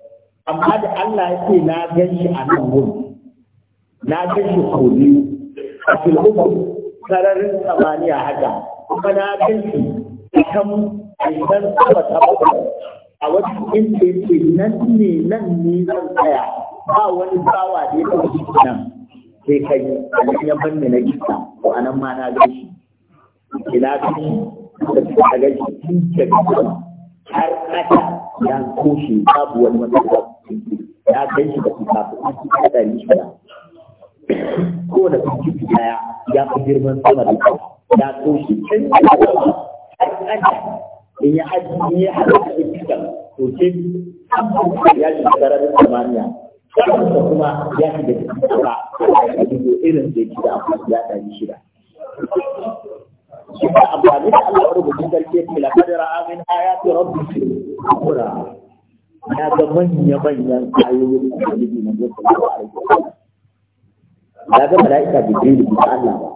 amma da Allah ya ce na gashi a nan gudu na gashi ko a sararin samaniya haka kuma na gan shi kan idan sama ta a wasu inda yake nan ne nan ne zan tsaya ba wani bawa da ya ɗauki nan sai kai a nan ya banne na kisa ko a nan ma na gan shi ina gan da suka gan shi tun da har ƙasa ya koshe babu wani wanda ya kai shi da kuka kuka da ɗari shida ko da kwamfuta daya ya fi girman sama da ya tsoshi can da sama in ya haɗi in ya haɗi da ikita to ce ya shiga sararin samaniya sannan kuma ya shiga cikin kura a dubu irin da yake da abu ya ɗari shida. Kuma amfani da Allah rubutun sarki ke lafadar amin ayatu rabbi ce kura ya ga manya-manyan ayoyin da yake na yau da da ga mala'ika jibril da Allah ba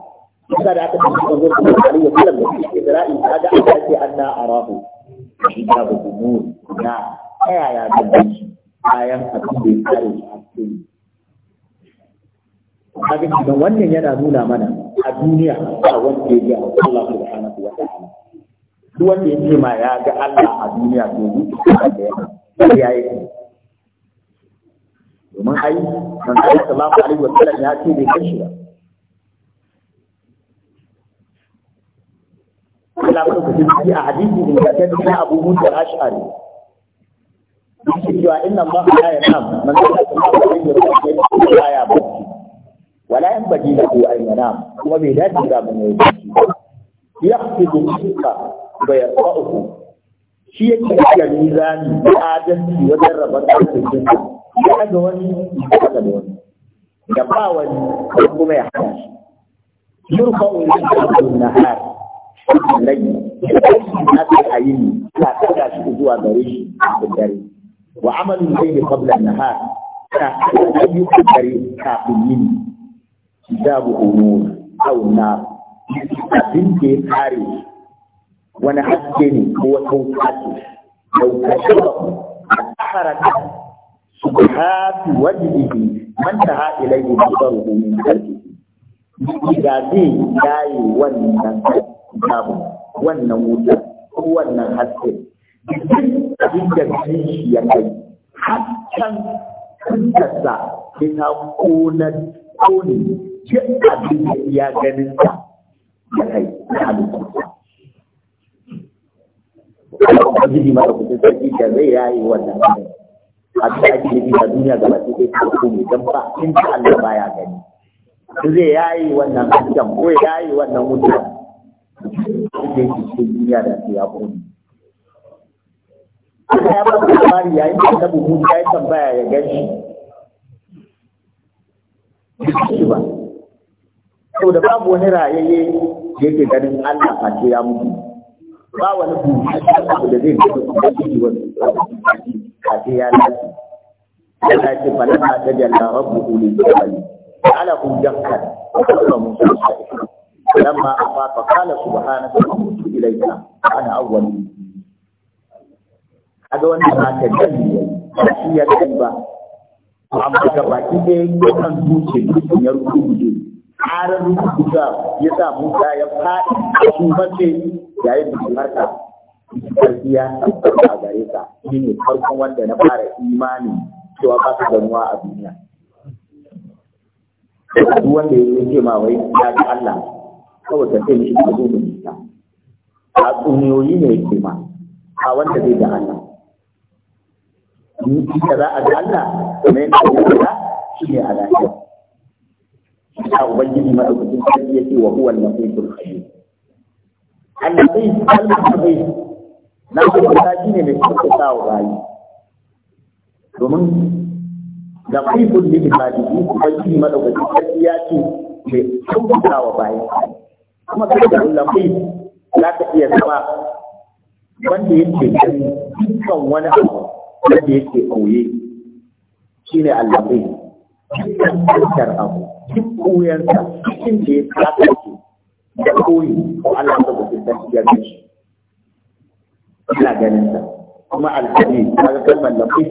kuma da aka tafi manzo sallallahu ya kula da shi Isra'il da ga aka ce anna arahu da ga gumur na aya ya da shi ayan abin da ya kare shi a cikin kaga wannan yana nuna mana a duniya a wanda ya ga Allah subhanahu wa ta'ala duk wanda ya ce ma ya ga Allah a duniya to zuciya da ya yi domin ai manzo sallallahu alaihi wasallam ya ce bai kashi ba Allah ko kace a hadisi din da ta da Abu Musa al-Ash'ari yake cewa inna Allah la yanam manzo sallallahu alaihi wasallam ya ya bacci wala yan baji da ko ai yanam kuma bai dace ga mun yi bacci yaqtidu shika bai yarfa'u shi yake da mizani da adalci wajen rabar arzikin ya daga wani ya daga wani ya ba wani kuma ya hana shi yurfa ulil abdul nahar rage na ta ayin ta daga shi zuwa gare shi da dare wa amalin zai na nahar ta ayyukan dare kafin yini kitabu umur au na abin da ya kare wani haske ne ko wata wata ce daukashin ba a tsara subhati wajhihi man taha ilayhi basaruhu min qalbihi da zai yayi wannan babu wannan wuta ko wannan haske duk da shi ya kai hasken fuskarsa sai ta kona kone duk abin da ya ganin ta ya kai na halittarsa Ubangiji mara kusa sarki da zai yayi wannan abin abin da ake yi a duniya gaba ɗaya ta hukumi don ba in ta Allah baya gani Su zai yayi wannan hasken ko ya yayi wannan wuta zai yi cikin duniya da su ya kuni Allah ya ba mu labari yayin da Annabi Musa ya tambaya ya gani shi ba saboda babu wani rayayye da yake ganin Allah a ce ya mutu ba wani bushe da zai mutu da yake wani a ya lati ta ce bala ma ta jalla rabbuhu lil jabali ala kun jakka kuma musa lamma afaqa qala subhanaka amutu ilayka ana awwal kaga wannan ba ta dalili shi ya kai ba ka ba baki dai kan duke duke ya rubuce har rubuta ya sa Musa ya faɗi a shubace yayin da harka sarki ya tabbata a gare ka shi ne farkon wanda na fara imani cewa ba ka ganuwa a duniya duk wanda ya ce ma wai ya ga Allah kawai ka ce mishi ka zo mu nisa a tsuniyoyi ne yake ma a wanda zai ga Allah ni ka za a ga Allah kuma yadda ga shi ne a lafiya a ubangiji madaukakin sarki ya ce wa huwa al-nasirul khayyim Allah zai Allah zai na kuma shi ne mai kuka sa wa bayi domin da kaifin da ibadihi ubangiji madaukakin sarki ya ce mai kuka wa bayi kuma kai da lafi za ka iya zama wanda ya yake gani dukkan wani abu wanda ya ce koye shi ne allafi dukkan tsakiyar abu duk koyarsa cikin da ya tsaka da koyi ko Allah ta gudu da ya ina ganin ta kuma alhadi kaga kalmar lafi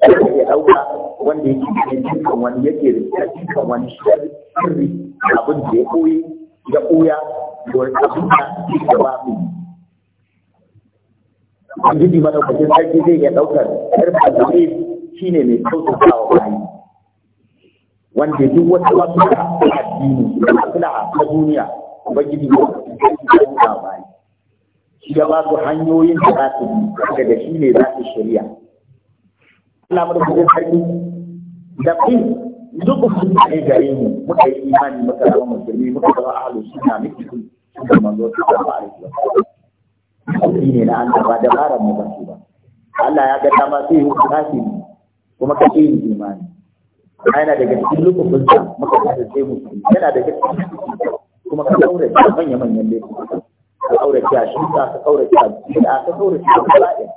da ya dauka wanda yake cikin dukkan wani yake da cikin wani sharri abin da ya koyi ya koya da abin da ya ba mu Ubangiji madaukakin sarki zai iya ɗaukar ƙarfin lafi shi ne mai kyautata wa bayi. Wanda duk wata maslaha ta addini, da maslaha ta duniya, Ubangiji madaukakin sarki zai shi ya ba ku hanyoyin da za su yi da shi ne za su shirya Allah mu da sarki da fin duk sun kai gare mu muka yi imani muka zama musulmi muka zama ahlu sunna muke kun da manzo ba a wasallam shi ne na Allah ba da mu ba shi ba Allah ya ga dama sai hu kafiri kuma ka yin imani yana daga cikin lokacin da muka kasance musulmi yana daga cikin kuma ka daure manyan manyan laifuka ka kaurace a shirka ka kaurace a bid'a ka kaurace a bala'in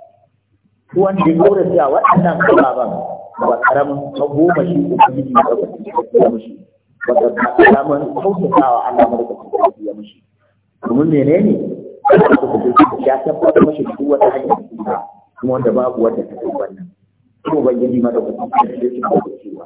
su wanda ya kaurace a waɗannan kababan ba ƙaramin ta goma shi ubangiji ya kaurace ya mushi ba karamin kautatawa Allah madaukakin ya mushi domin menene ya tabbatar mashi duk wata hanyar suna kuma wanda babu wanda ta kai wannan kuma ban ubangiji madaukakin ya kaurace ba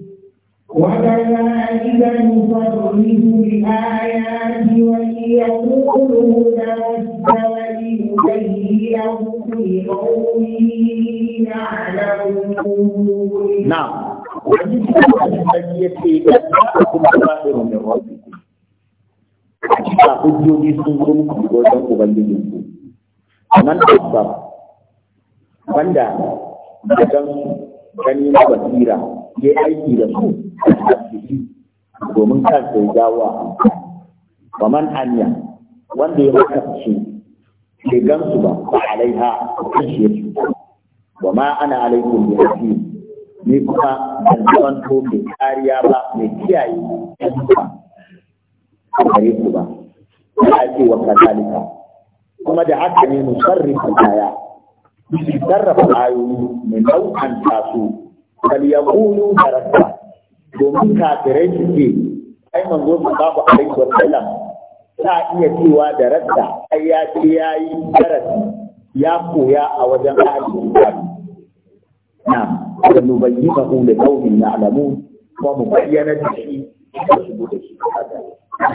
وكذلك نصرف الآيات وليقولوا درست وليبينه لقوم يعلمون نعم sun wanda da gansu gani na basira ya aiki da su domin kansa ya jawo a amfani wa man anya wanda ya maka fushi ke gansu ba ba alaiha kan shi ya ce wa ma ana alaikun da yake ni kuma ban zanto mai kariya ba mai kiyaye ba a gare ku ba ya ce wa kazalika kuma da haka ne mu sarrafa kaya sarrafa ayoyi mai nau'anta tasu bal yaqulu darasa domin kafirai suke ai manzo ku alaihi wa sallam ta iya cewa da rasta ai ya ce ya yi darasi ya koya a wajen ahalin kitabi na da nubayyana hu da na alamu kuma mu bayyana da shi da su bude shi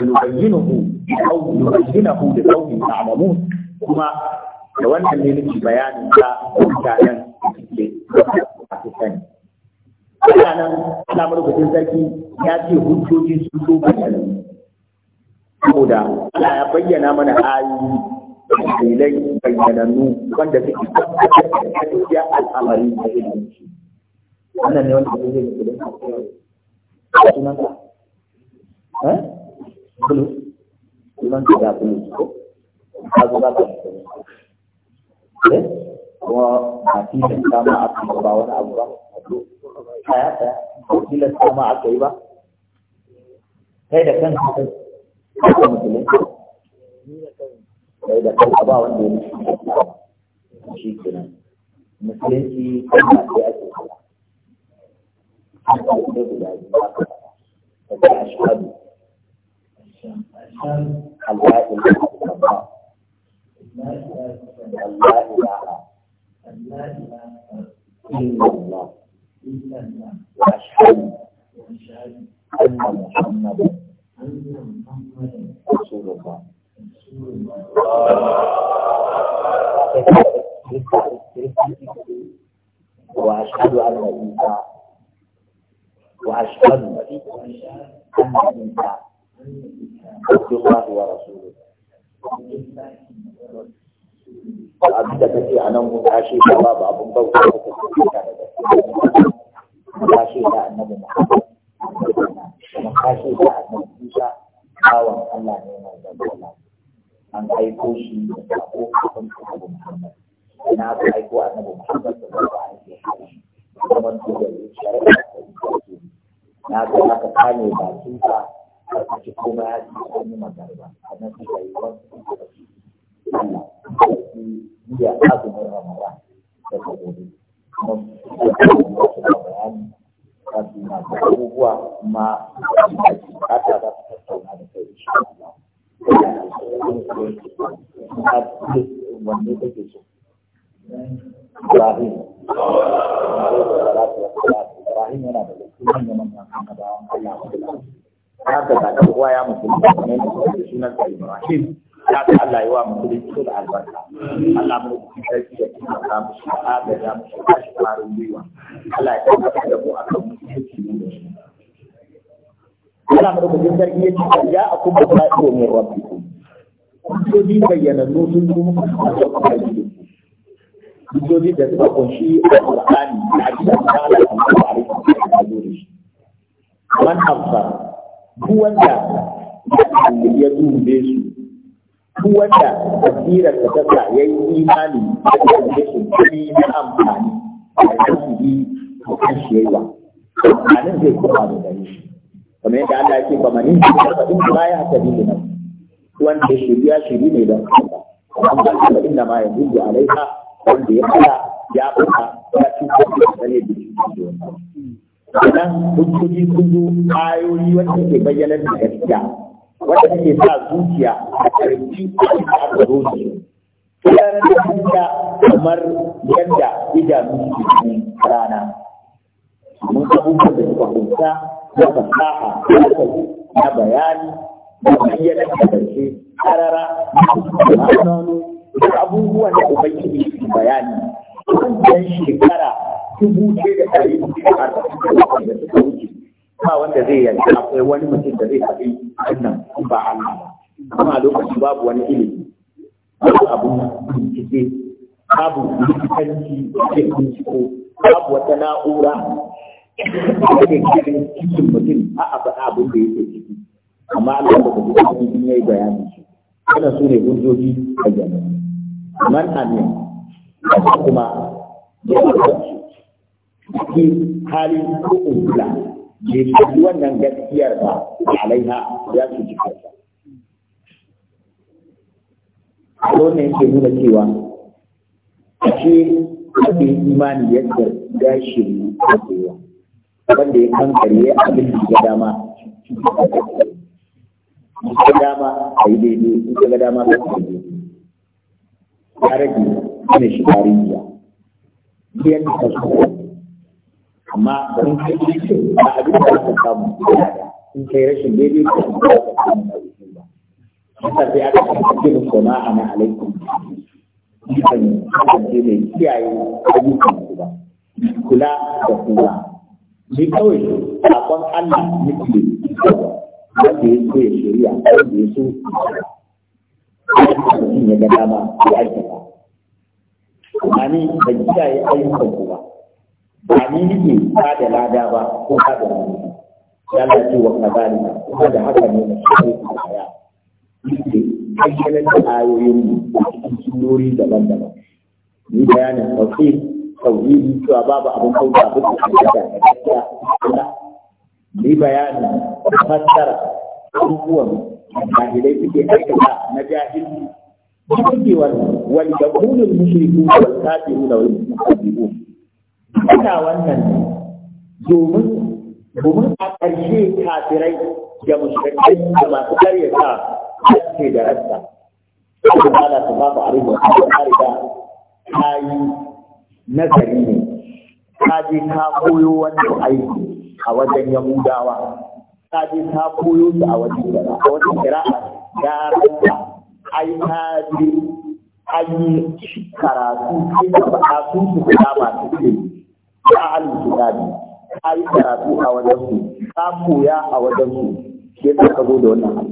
nubayyana hu au nubayyana hu da na alamu kuma da wannan ne nake bayanin ta mutanen da suke sani Allah nan Allah sarki ya ce hujjoji su zo bayyana saboda Allah ya bayyana mana ayoyi dalilai bayyanannu wanda suke tafiya al'amari da wannan ne wanda zai yi kudin a sunanka eh bulu sunanka da bulu ka zo za ka eh kuma fi da kama a ba wani abu ba kaya ta ko kila sama aka yi ba kai da kan ka ka musulun kai da kan ba wanda ya musulun shi kenan musulunci kuma sai ake kala an ta yi guda biyu ba ka ta ta ashadu Allah ilaha illallah Allah ilaha illallah وأشهد أن محمدا رسول الله وأشهد أن عيسى وأشهد أن عيسى عبد الله ورسوله ba da kake a nan mun tashi ba babu abin bauta da kake da tashi da annabi Muhammad kuma tashi da annabi Isa bawan Allah ne mai zagona an aiko shi da sako kafin annabi Muhammad na aka aiko annabi Muhammad da zaba a yake hali kuma tuba da shari'a da na ga aka kame bakin ka ka ci kuma ya ci kuma magana ba annabi sai wasu Allah biya azumin ramadan da gobe kuma da abubuwa ma da ke kata za su tattauna da kai insha Allah wanne Ibrahim yana da lokacin manyan manyan annabawan ya ya ta Allah yi wa da albarka Allah mu da sarki da kuma ta mu shi da da mu shi kashi gwiwa Allah ya tabbatar da mu akan musulunci ne Allah mu da sarki ya ce ya akum bi fa'il min rabbikum hujjoji bayyana sun zo muku da kuma hujjoji da suka kunshi a Qur'ani da hadisan da Allah ya faɗa a cikin shi man afsa duk wanda ya dube su duk wanda asirar ta sa ya yi imani da kwanjishin kuri na amfani da kasihi da kashiyarwa amfanin zai kuma da gari shi kamar yadda Allah ya ce ba mani ba in ba ya haka ne nan wanda ya shirya shiri ne da kansa amma ba ba inda ma ya dubu alaiha wanda ya kula, ya fada ya ci ko da sane da shi da wannan sannan hujjoji kun zo ayoyi wanda ke bayyana da gaskiya wanda take sa zuciya a karfi da aka zo da shi da zuciya kamar yadda idanu ke cikin rana mun abubuwan da suka kunsa na fasaha na bayani na bayyana da karshe karara na hannu da abubuwan da ubangiji ke bayani wannan shekara dubu ce da ɗari da da suka wuce ba wanda zai yanzu akwai wani mutum da zai haɗi wannan ba Allah ba kuma a lokacin babu wani ilimi babu abun bincike babu likitanci da binciko babu wata na'ura da ke kiran cikin mutum a abu abin da yake ciki amma Allah da kuma cikin yayi bayani shi kana su ne hujjoji a jami'a man amin kuma da kuma hali ko ubula bai faɗi wannan gaskiyar ba alaiha ya su ji kansa wannan yake nuna cewa a ce abin imani yadda gashi a kowa wanda ya kankare abin da ga dama ga dama a yi daidai in ga dama ka ka daidai ya rage ne shi tarihiya biyan da amma da in kai cikin abin da aka samu in kai rashin daidai da abin da aka samu na wuce ba haka sai aka kasance da sona a na alaikun kan kasance mai kiyaye ayyukan su ba kula da kula ni kawai sakon Allah nake wanda ya so ya shari'a da ya so mutum ya ga dama ya aikata amma ni ban kiyaye ayyukan ku ba ba ni nake ba da lada ba ko ba da lada ya Allah ce wa kazalika kuma da haka ne na shi ko kaya yake ayyalan da ayoyin mu a cikin sunori daban-daban ni bayanin tauhid tauhidi cewa babu abin kauta ba da gaskiya ni bayanin fassara abubuwan jahilai suke aikata na jahilci duk wani wal yaqulu al-mushrikuna wal kafiruna wal munafiqun Ina wannan domin domin a ƙarshe kafirai da mushrikai da masu karyata ce da rasta Allah ta'ala ta babu abin da ta da ta yi nazari ne ta je ta koyo wannan aiki a wajen yahudawa ta je ta koyo su a wajen gara a wajen gara a gara ai ta je an yi karatu sai da ba su su kama su da ahalin kitabi yi karatu a wajen su ka koya a wajen su ke sa ka zo da wannan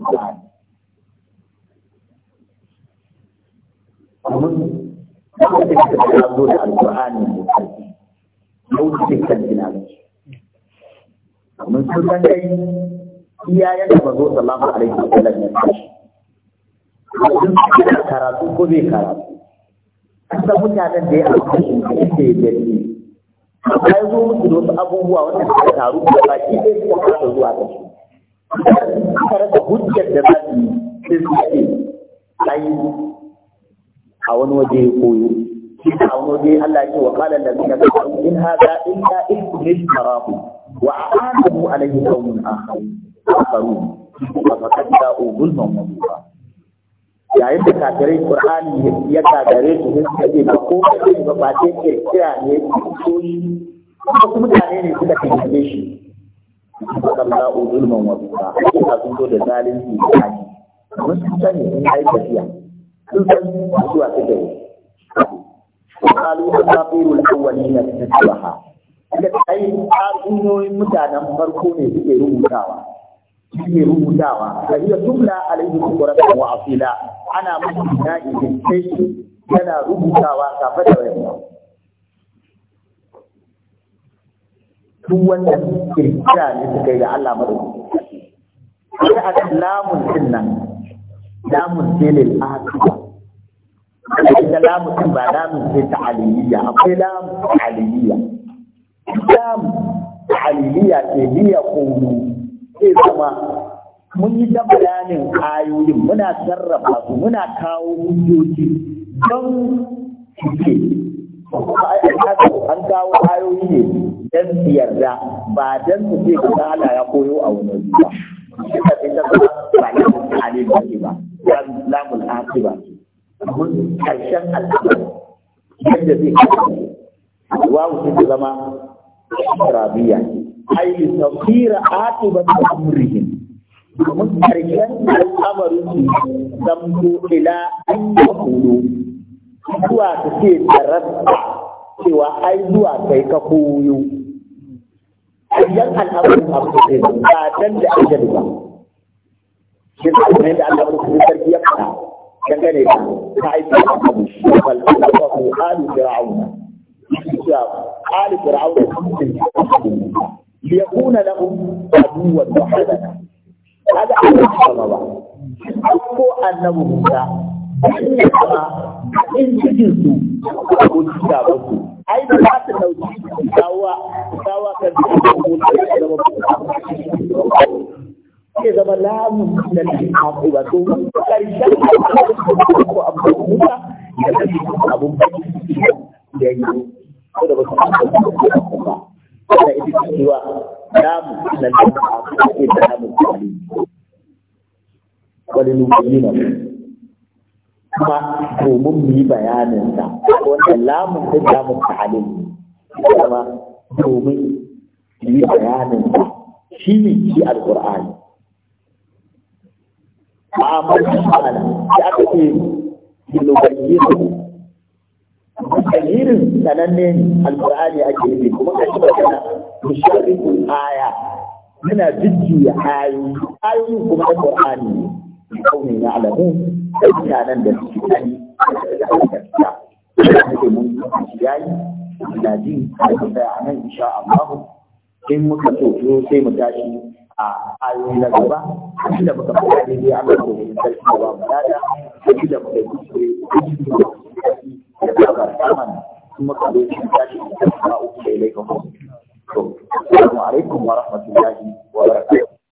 alƙur'ani amma lokacin da ka zo da alƙur'ani ne kai lokacin kan tunanin mun sun san dai iyayen da mazo sallallahu alaihi wasallam ya tashi sun karatu ko bai karatu an mutanen da ya alƙashi da yake da ni amma ya zo musu da wasu abubuwa wanda suka taru da baki ɗaya suka fara zuwa da su suka rasa hujjar da za su yi sai su ce ai a wani waje ya koyo a wani waje Allah ya ce wa qala allazina kafaru in hadha illa ifkun ishtarahu wa a'adahu alayhi qawmun akharun ka faqad ja'u zulman wa yayin da kafirai Qur'ani ya kagare su sun kace ba ko kace ba ba ce ke kira ne soyi wasu mutane ne suka kace shi sallallahu zulman wa bisa ina sun zo da zalunci da haji mun san sani in yi tafiya sun san zuwa da yi قالوا أساطير الأولين tasbaha da kai tatsuniyoyin mutanen farko ne suke rubutawa suke rubutawa da iya tumla alaihi kukuratan wa asila ana mutum na ingantacce yana rubutawa kafa da wani duk wannan kirkira ne suka yi da Allah madaukaki sai a kan lamun din nan lamun silil akiba ita lamun din ba lamun ce ta aliyya akwai lamun aliyya lamun aliyya ke biya kunu sai zama mun yi ta bayanin ayoyin muna sarrafa su muna kawo hujjoji don cike an kawo kayoyi ne don su yarda ba don su ce ku Allah ya koyo a wani wuri ba shi ka fi tabbata ba ya mutane ba ne ba ya lamul aki ba mun karshen al'amari yadda zai kasance wawu sai ta zama rabiya ai tafsira akibat amrihim domin ƙarshen al'amarin su zamto ila an yi kudu zuwa su ce tarasta cewa ai zuwa kai ka koyo ƙarshen al'amarin abu da ba can da ajali ba shi ta kuma yadda al'amarin su sarki ya fada dangane da ta aiki da abu shi balbala ba ku alu fir'auna cewa alu fir'auna sun ce liyakuna lahum aduwwan wa hadana kaga an ba ko annabi Musa ba in cikin su ko da ba su ai da ba su dauki dawa dawa kan ko da zama ke zama lamun da ne a kuma to karshen ko abu Musa ya zama abun da yi ko da ba su ba da ita cewa damu nan da aka ce damu kali wani nuna kuma domin mu yi bayanin sa wanda lamun din damu kali kuma domin mu yi bayanin sa shi ne shi alqur'ani a amma shi ana ya aka ce nubayyinu dalilin sananne ne alƙur'ani ake yi kuma ka ci magana musharriku aya muna jujjuya ayoyi ayoyin kuma alƙur'ani ne kaune na alamu da mutanen da su kani da alƙarfiya da mun yayi ina ji a yi tsaya a nan insha Allah in muka so sai mu tashi a ayoyi na gaba shi da muka fara daidai Allah ko da sarki da ba mu da shi da muka yi da uku Assalamu alaikum warahmatullahi wabarakatuh.